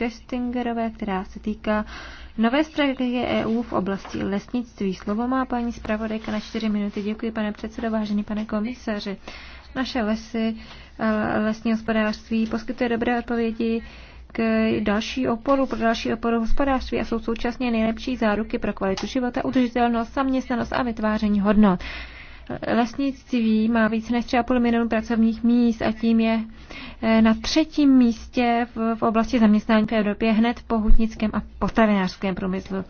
Kestingerové, která se týká nové strategie EU v oblasti lesnictví. Slovo má paní zpravodajka na čtyři minuty. Děkuji, pane předsedo, vážený pane komisaři. Naše lesy, eh, lesní hospodářství poskytuje dobré odpovědi k další oporu, pro další oporu hospodářství a jsou současně nejlepší záruky pro kvalitu života, udržitelnost, zaměstnanost a vytváření hodnot. Lesnictví má více než 3,5 milionu pracovních míst a tím je eh, na třetím místě v, v oblasti zaměstnání v Evropě hned po hutnickém a potravinářském průmyslu.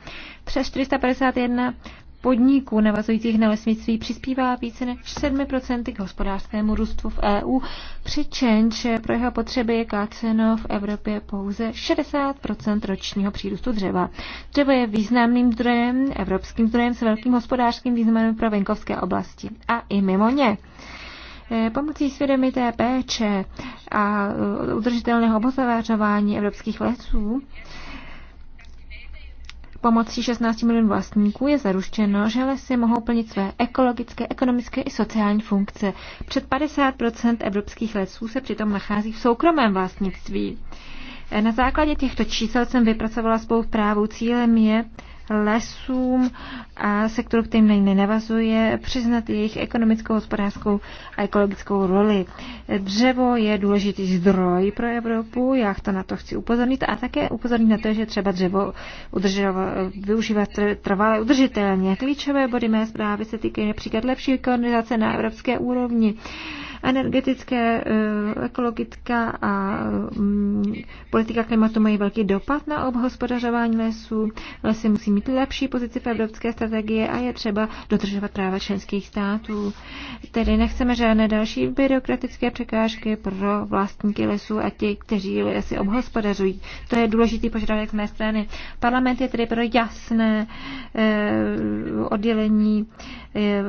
Přes 451 podniků navazujících na lesnictví přispívá více než 7% k hospodářskému růstu v EU, přičemž pro jeho potřeby je káceno v Evropě pouze 60% ročního přírůstu dřeva. Dřevo je významným zdrojem, evropským zdrojem s velkým hospodářským významem pro venkovské oblasti a i mimo ně e, pomocí svědomité péče a e, udržitelného obozavářování evropských lesů Pomocí 16 milionů vlastníků je zaručeno, že lesy mohou plnit své ekologické, ekonomické i sociální funkce. Před 50 evropských lesů se přitom nachází v soukromém vlastnictví. Na základě těchto čísel jsem vypracovala svou zprávu. Cílem je lesům a sektoru, kterým na ně navazuje, přiznat jejich ekonomickou, hospodářskou a ekologickou roli. Dřevo je důležitý zdroj pro Evropu, já to na to chci upozornit a také upozornit na to, že třeba dřevo udržovat, využívat trvalé udržitelně. Klíčové body mé zprávy se týkají například lepší koordinace na evropské úrovni Energetické, eh, ekologická a mm, politika klimatu mají velký dopad na obhospodařování lesů. Lesy musí mít lepší pozici v evropské strategie a je třeba dodržovat práva členských států. Tedy nechceme žádné další byrokratické překážky pro vlastníky lesů a ti, kteří lesy obhospodařují. To je důležitý požadavek z mé strany. Parlament je tedy pro jasné eh, oddělení eh,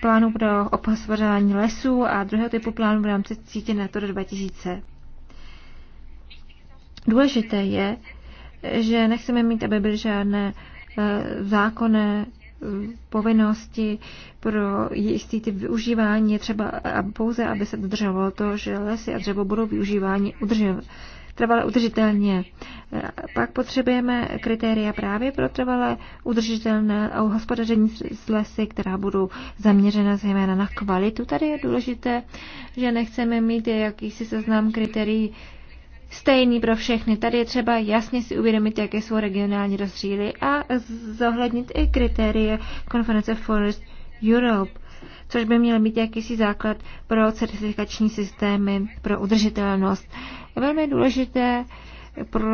plánu pro obhospodařování lesů a druhého typu plánu v rámci sítě Natura 2000. Důležité je, že nechceme mít, aby byly žádné eh, zákonné eh, povinnosti pro jistý typ využívání třeba pouze, aby se dodržovalo to, že lesy a dřevo budou využívání udržovat trvale udržitelně. Eh, pak potřebujeme kritéria právě pro trvalé udržitelné hospodaření s lesy, která budou zaměřena zejména na kvalitu. Tady je důležité, že nechceme mít jakýsi seznam kritérií stejný pro všechny. Tady je třeba jasně si uvědomit, jaké jsou regionální rozdíly a zohlednit i kritérie konference Forest Europe což by měl být jakýsi základ pro certifikační systémy pro udržitelnost je velmi důležité pro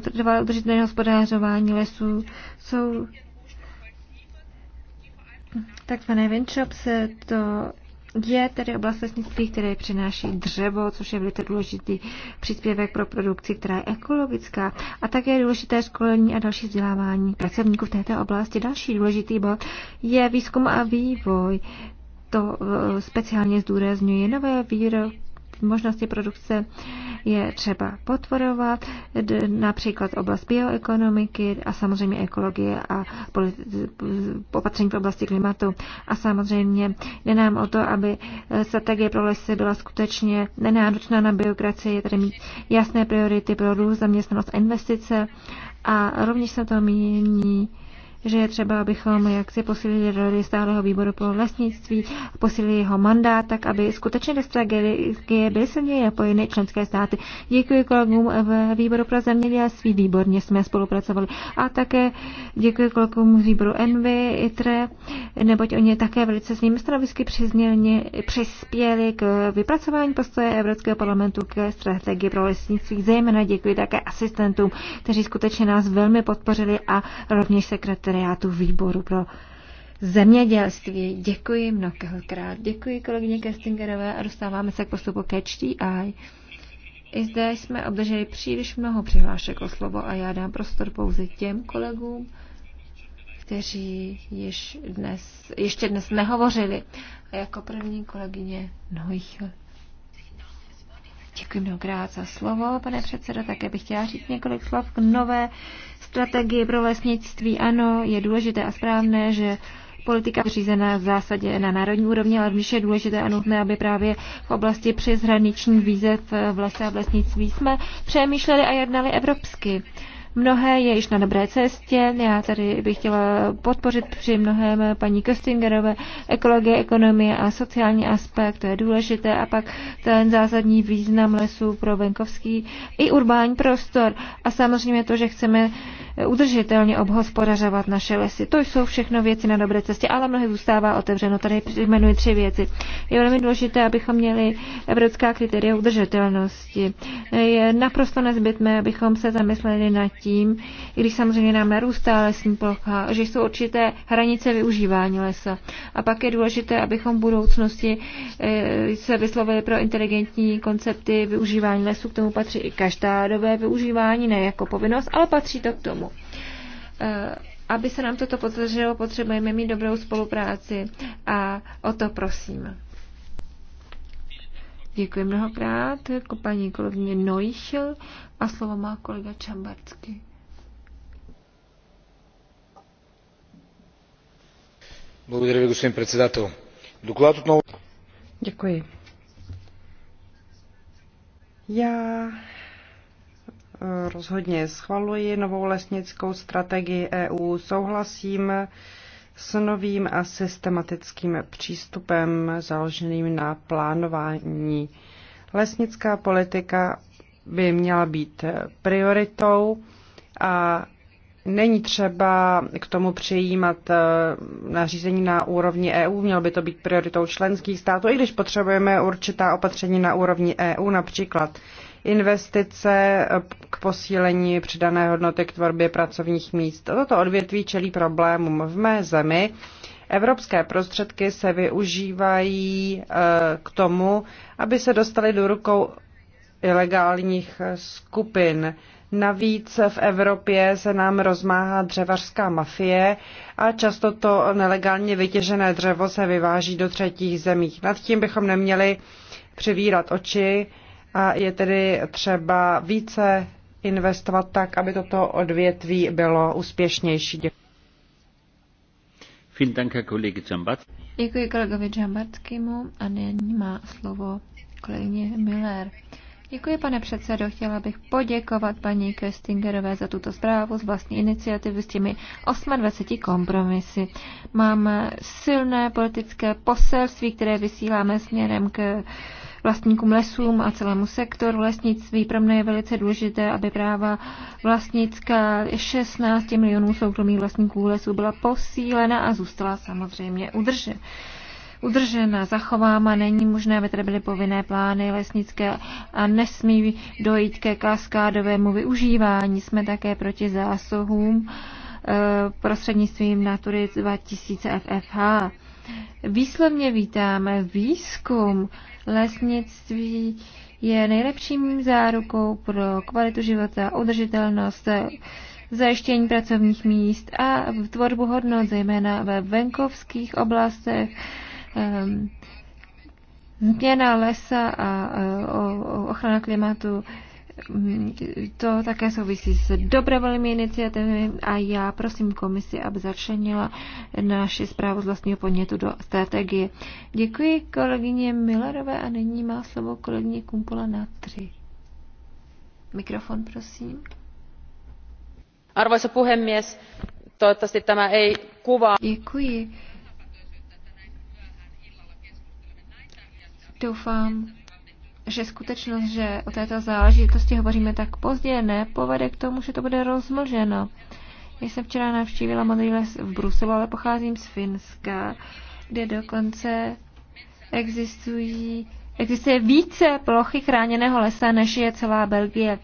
trvalé udržitelné hospodářování lesů. Jsou takzvané windshops, to je tedy oblast lesnictví, které přináší dřevo, což je velice důležitý příspěvek pro produkci, která je ekologická. A také je důležité školení a další vzdělávání pracovníků v této oblasti. Další důležitý bod je výzkum a vývoj. To eh, speciálně zdůrazňuje nové výroky možnosti produkce je třeba potvorovat, například oblast bioekonomiky a samozřejmě ekologie a opatření v oblasti klimatu. A samozřejmě jde nám o to, aby strategie pro lesy byla skutečně nenáročná na byrokracii, tedy mít jasné priority pro růst, zaměstnanost a investice. A rovněž se to mění že je třeba, abychom jaksi posílili roli stáleho výboru pro vlastnictví, posílili jeho mandát, tak aby skutečně do strategie byly silněji napojeny členské státy. Děkuji kolegům v výboru pro zemědělství, výborně jsme spolupracovali. A také děkuji kolegům z výboru Envy, ITRE, neboť oni také velice s nimi stanovisky přispěli k vypracování postoje Evropského parlamentu ke strategii pro lesnictví. Zejména děkuji také asistentům, kteří skutečně nás velmi podpořili a rovněž sekretary sekretariátu výboru pro zemědělství. Děkuji mnohokrát. Děkuji kolegyně Kestingerové a dostáváme se k postupu ke HDI. I zde jsme obdrželi příliš mnoho přihlášek o slovo a já dám prostor pouze těm kolegům, kteří již dnes, ještě dnes nehovořili. A jako první kolegyně Neuchel. Děkuji mnohokrát za slovo, pane předsedo. Také bych chtěla říct několik slov k nové strategii pro lesnictví. Ano, je důležité a správné, že politika řízená v zásadě na národní úrovni, ale rovněž je důležité a nutné, aby právě v oblasti přeshraničních výzev v lese a v lesnictví jsme přemýšleli a jednali evropsky. Mnohé je již na dobré cestě. Já tady bych chtěla podpořit při mnohem paní Köstingerové ekologie, ekonomie a sociální aspekt, to je důležité. A pak ten zásadní význam lesů pro venkovský i urbání prostor. A samozřejmě to, že chceme udržitelně obhospodařovat naše lesy. To jsou všechno věci na dobré cestě, ale mnohé zůstává otevřeno. Tady jmenuji tři věci. Je velmi důležité, abychom měli evropská kritéria udržitelnosti. Je naprosto nezbytné, abychom se zamysleli nad tím, i když samozřejmě nám narůstá lesní plocha, že jsou určité hranice využívání lesa. A pak je důležité, abychom v budoucnosti eh, se vyslovili pro inteligentní koncepty využívání lesů. K tomu patří i každá dobové využívání, ne jako povinnost, ale patří to k tomu. Eh, aby se nám toto podařilo, potřebujeme mít dobrou spolupráci a o to prosím. Děkuji mnohokrát jako paní kolegyně Neuchel a slovo má kolega Čambarcky. Благодаря Děkuji. Já rozhodně schvaluji novou lesnickou strategii EU. Souhlasím s novým a systematickým přístupem založeným na plánování. Lesnická politika by měla být prioritou a není třeba k tomu přijímat eh, nařízení na úrovni EU, mělo by to být prioritou členských států, i když potřebujeme určitá opatření na úrovni EU, například investice k posílení přidané hodnoty k tvorbě pracovních míst. Toto odvětví čelí problémům v mé zemi. Evropské prostředky se využívají eh, k tomu, aby se dostaly do rukou ilegálních skupin. Navíc v Evropě se nám rozmáhá dřevařská mafie a často to nelegálně vytěžené dřevo se vyváží do třetích zemí. Nad tím bychom neměli přivírat oči a je tedy třeba více investovat tak, aby toto odvětví bylo úspěšnější. Děkuji. Děkuji kolegovi Džambatskému a nyní má slovo kolegyně Miller. Děkuji, pane předsedo. Chtěla bych poděkovat paní Köstingerové za tuto zprávu z vlastní iniciativy s těmi 28 kompromisy. Máme silné politické poselství, které vysíláme směrem k vlastníkům lesům a celému sektoru lesnictví. Pro mě je velice důležité, aby práva vlastnická 16 milionů soukromých vlastníků lesů byla posílena a zůstala samozřejmě udržena udržena, zachována, není možné, aby tady byly povinné plány lesnické a nesmí dojít ke kaskádovému využívání. Jsme také proti zásahům eh, prostřednictvím Natury 2000 FFH. Výslovně vítáme výzkum. Lesnictví je nejlepším zárukou pro kvalitu života, udržitelnost, zajištění pracovních míst a tvorbu hodnot, zejména ve venkovských oblastech. Ehm, změna lesa a e, ochrana klimatu to také souvisí s dobrovolnými iniciativami a já prosím komisi, aby začlenila naši zprávu z vlastního podnětu do strategie. Děkuji kolegyně Millerové a nyní má slovo kolegyně Kumpola na tři. Mikrofon, prosím. Arvoisa puhemies, toivottavasti tämä ei kuvaa. Děkuji. Doufám, že skutečnost, že o této záležitosti hovoříme tak pozdě, nepovede k tomu, že to bude rozmlženo. Já jsem včera navštívila Modriles v Bruselu, ale pocházím z Finska, kde dokonce existují, existuje více plochy chráněného lesa, než je celá Belgie.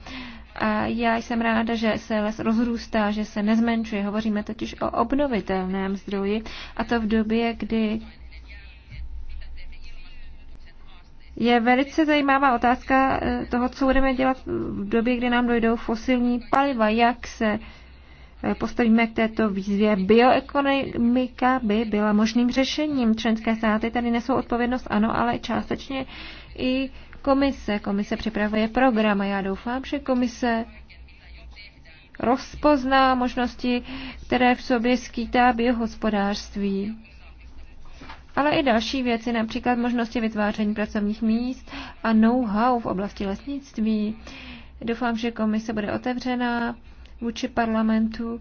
A já jsem ráda, že se les rozrůstá, že se nezmenšuje. Hovoříme totiž o obnovitelném zdroji a to v době, kdy je velice zajímavá otázka eh, toho, co budeme dělat v době, kdy nám dojdou fosilní paliva, jak se eh, postavíme k této výzvě. Bioekonomika by byla možným řešením. Členské státy tady nesou odpovědnost, ano, ale částečně i komise. Komise připravuje program a já doufám, že komise rozpozná možnosti, které v sobě skýtá biohospodářství ale i další věci, například možnosti vytváření pracovních míst a know-how v oblasti lesnictví. Doufám, že komise bude otevřená vůči parlamentu,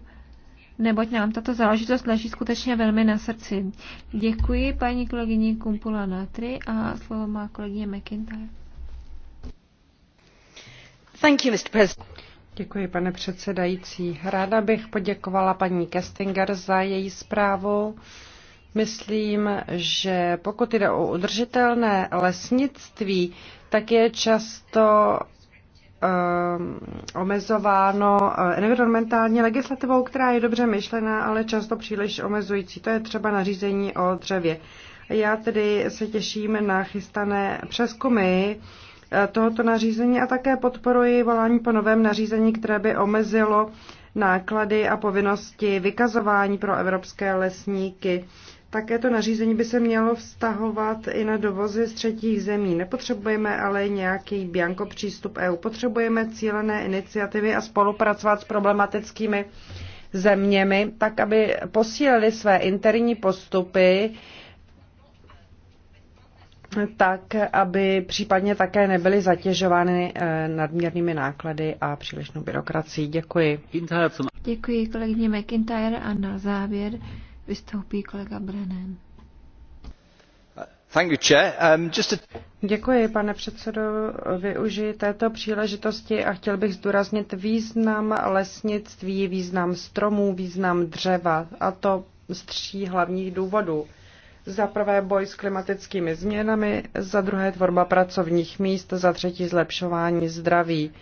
neboť nám tato záležitost leží skutečně velmi na srdci. Děkuji paní kolegyni Kumpula Natry a slovo má kolegyně McIntyre. Thank you, Mr. President. Děkuji, pane předsedající. Ráda bych poděkovala paní Kestinger za její zprávu Myslím, že pokud jde o udržitelné lesnictví, tak je často um, omezováno eh, environmentální legislativou, která je dobře myšlená, ale často příliš omezující. To je třeba nařízení o dřevě. Já tedy se těším na chystané přeskumy eh, tohoto nařízení a také podporuji volání po novém nařízení, které by omezilo náklady a povinnosti vykazování pro evropské lesníky. Také to nařízení by se mělo vztahovat i na dovozy z třetích zemí. Nepotřebujeme ale nějaký bianko přístup EU. Potřebujeme cílené iniciativy a spolupracovat s problematickými zeměmi, tak aby posílili své interní postupy, tak aby případně také nebyly zatěžovány eh, nadměrnými náklady a přílišnou byrokracií. Děkuji. Děkuji kolegyně McIntyre a na závěr vystoupí kolega Brennan. Um, Děkuji, pane předsedo. Využiji této příležitosti a chtěl bych zdůraznit význam lesnictví, význam stromů, význam dřeva. A to z tří hlavních důvodů. Za prvé boj s klimatickými změnami, za druhé tvorba pracovních míst, za třetí zlepšování zdraví.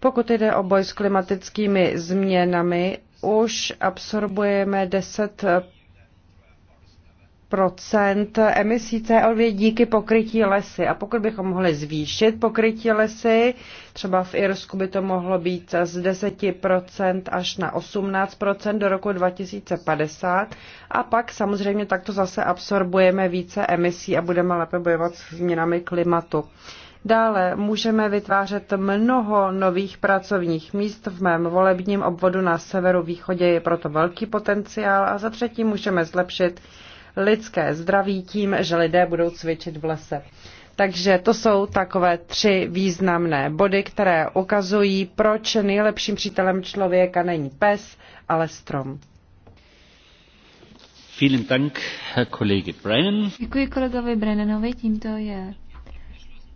Pokud jde o boj s klimatickými změnami, už absorbujeme 10 emisí CO2 díky pokrytí lesy. A pokud bychom mohli zvýšit pokrytí lesy, třeba v Irsku by to mohlo být z 10 až na 18 do roku 2050. A pak samozřejmě takto zase absorbujeme více emisí a budeme lépe bojovat s změnami klimatu. Dále můžeme vytvářet mnoho nových pracovních míst v mém volebním obvodu na severu východě je proto velký potenciál a za třetí můžeme zlepšit lidské zdraví tím, že lidé budou cvičit v lese. Takže to jsou takové tři významné body, které ukazují, proč nejlepším přítelem člověka není pes, ale strom. Vielen Dank, Herr Kollege Brennan. Děkuji kolegovi Brennanovi, tímto je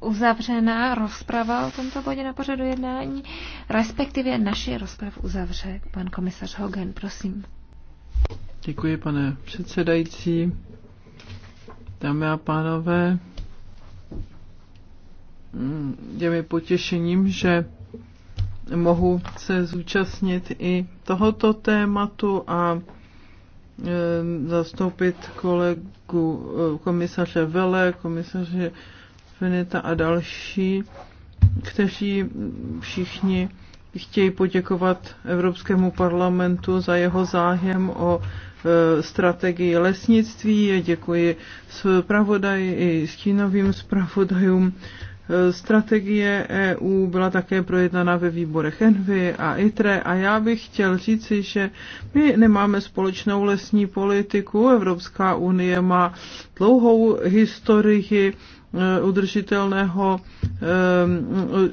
uzavřena rozprava o tomto bodě na pořadu jednání, respektive naši rozprav uzavře pan komisař Hogan, prosím. Děkuji, pane předsedající. Dámy a pánové, mm, je mi potěšením, že mohu se zúčastnit i tohoto tématu a e, zastoupit kolegu e, komisaře Vele, komisaře Finita a další, kteří všichni chtějí poděkovat Evropskému parlamentu za jeho zájem o e, strategii lesnictví. Děkuji zpravodaji i stínovým zpravodajům. E, strategie EU byla také projednána ve výborech Envy a ITRE a já bych chtěl říci, že my nemáme společnou lesní politiku. Evropská unie má dlouhou historii Eh, udržitelného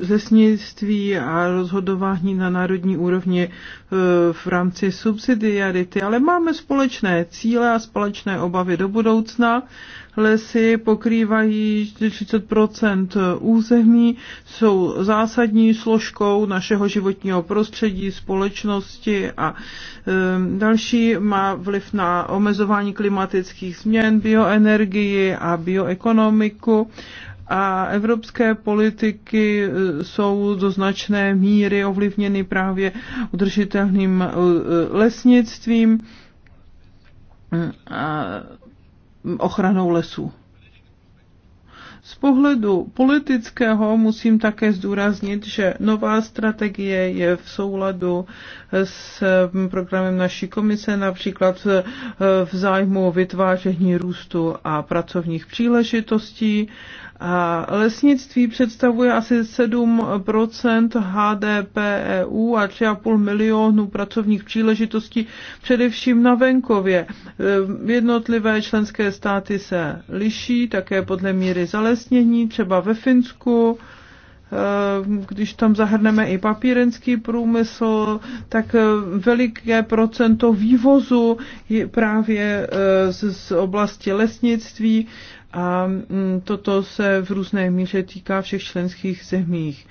lesnictví eh, a rozhodování na národní úrovni eh, v rámci subsidiarity, ale máme společné cíle a společné obavy do budoucna lesy pokrývají 40 území, jsou zásadní složkou našeho životního prostředí, společnosti a další má vliv na omezování klimatických změn, bioenergii a bioekonomiku a evropské politiky e, jsou do značné míry ovlivněny právě udržitelným e, lesnictvím. E, a ochranou lesů. Z pohledu politického musím také zdůraznit, že nová strategie je v souladu s mm, programem naší komise, například e, v zájmu vytváření růstu a pracovních příležitostí lesnictví představuje asi 7 HDP EU a 3,5 milionu pracovních příležitostí, především na venkově. Ehm, jednotlivé členské státy se liší, také podle míry zalesnění, třeba ve Finsku Eh, když tam zahrneme i papírenský průmysl, tak eh, veliké procento vývozu je právě eh, z oblasti lesnictví a mm, toto se v různé míře týká všech členských zemích.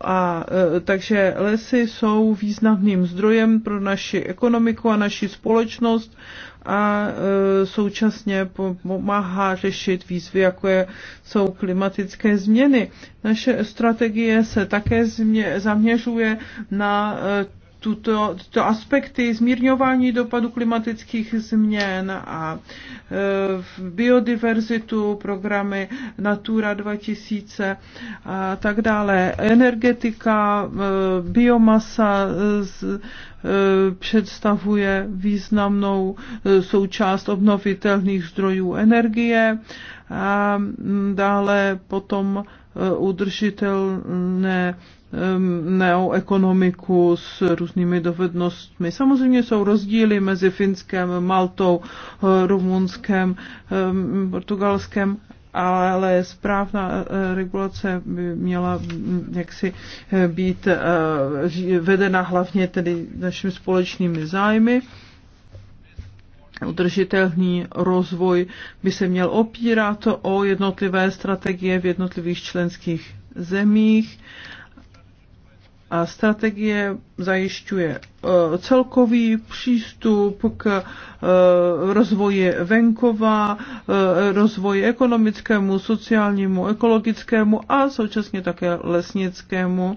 A takže lesy jsou významným zdrojem pro naši ekonomiku a naši společnost a e, současně pomáhá řešit výzvy, jako je, jsou klimatické změny. Naše strategie se také zaměřuje na e, tuto, tyto aspekty zmírňování dopadu klimatických změn a e, v biodiverzitu, programy Natura 2000 a tak dále, energetika, e, biomasa, e, představuje významnou součást obnovitelných zdrojů energie a dále potom udržitelné neoekonomiku s různými dovednostmi. Samozřejmě jsou rozdíly mezi Finskem, Maltou, eh, Rumunskem, Portugalskem, ale správná eh, regulace by měla jaksi eh, být vedena hlavně tedy našimi společnými zájmy. Udržitelný rozvoj by se měl opírat o jednotlivé strategie v jednotlivých členských zemích a strategie zajišťuje e, celkový přístup k e, rozvoji venkova, e, rozvoji ekonomickému, sociálnímu, ekologickému a současně také lesnickému.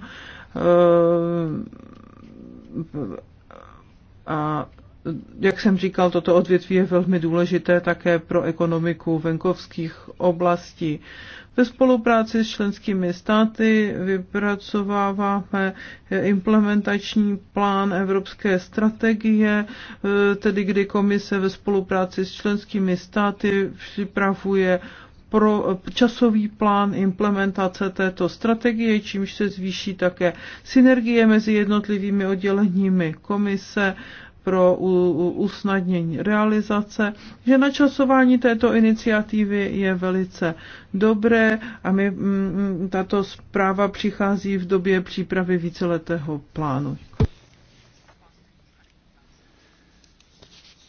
A jak jsem říkal, toto odvětví je velmi důležité také pro ekonomiku venkovských oblastí. Ve spolupráci s členskými státy vypracováváme implementační plán evropské strategie, tedy kdy komise ve spolupráci s členskými státy připravuje pro časový plán implementace této strategie, čímž se zvýší také synergie mezi jednotlivými odděleními komise, pro usnadnění realizace, že načasování této iniciativy je velice dobré a my, mm, mm, tato zpráva přichází v době přípravy víceletého plánu.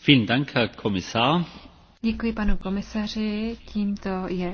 Vielen Dank, Herr Kommissar. Děkuji panu komisaři. Tímto je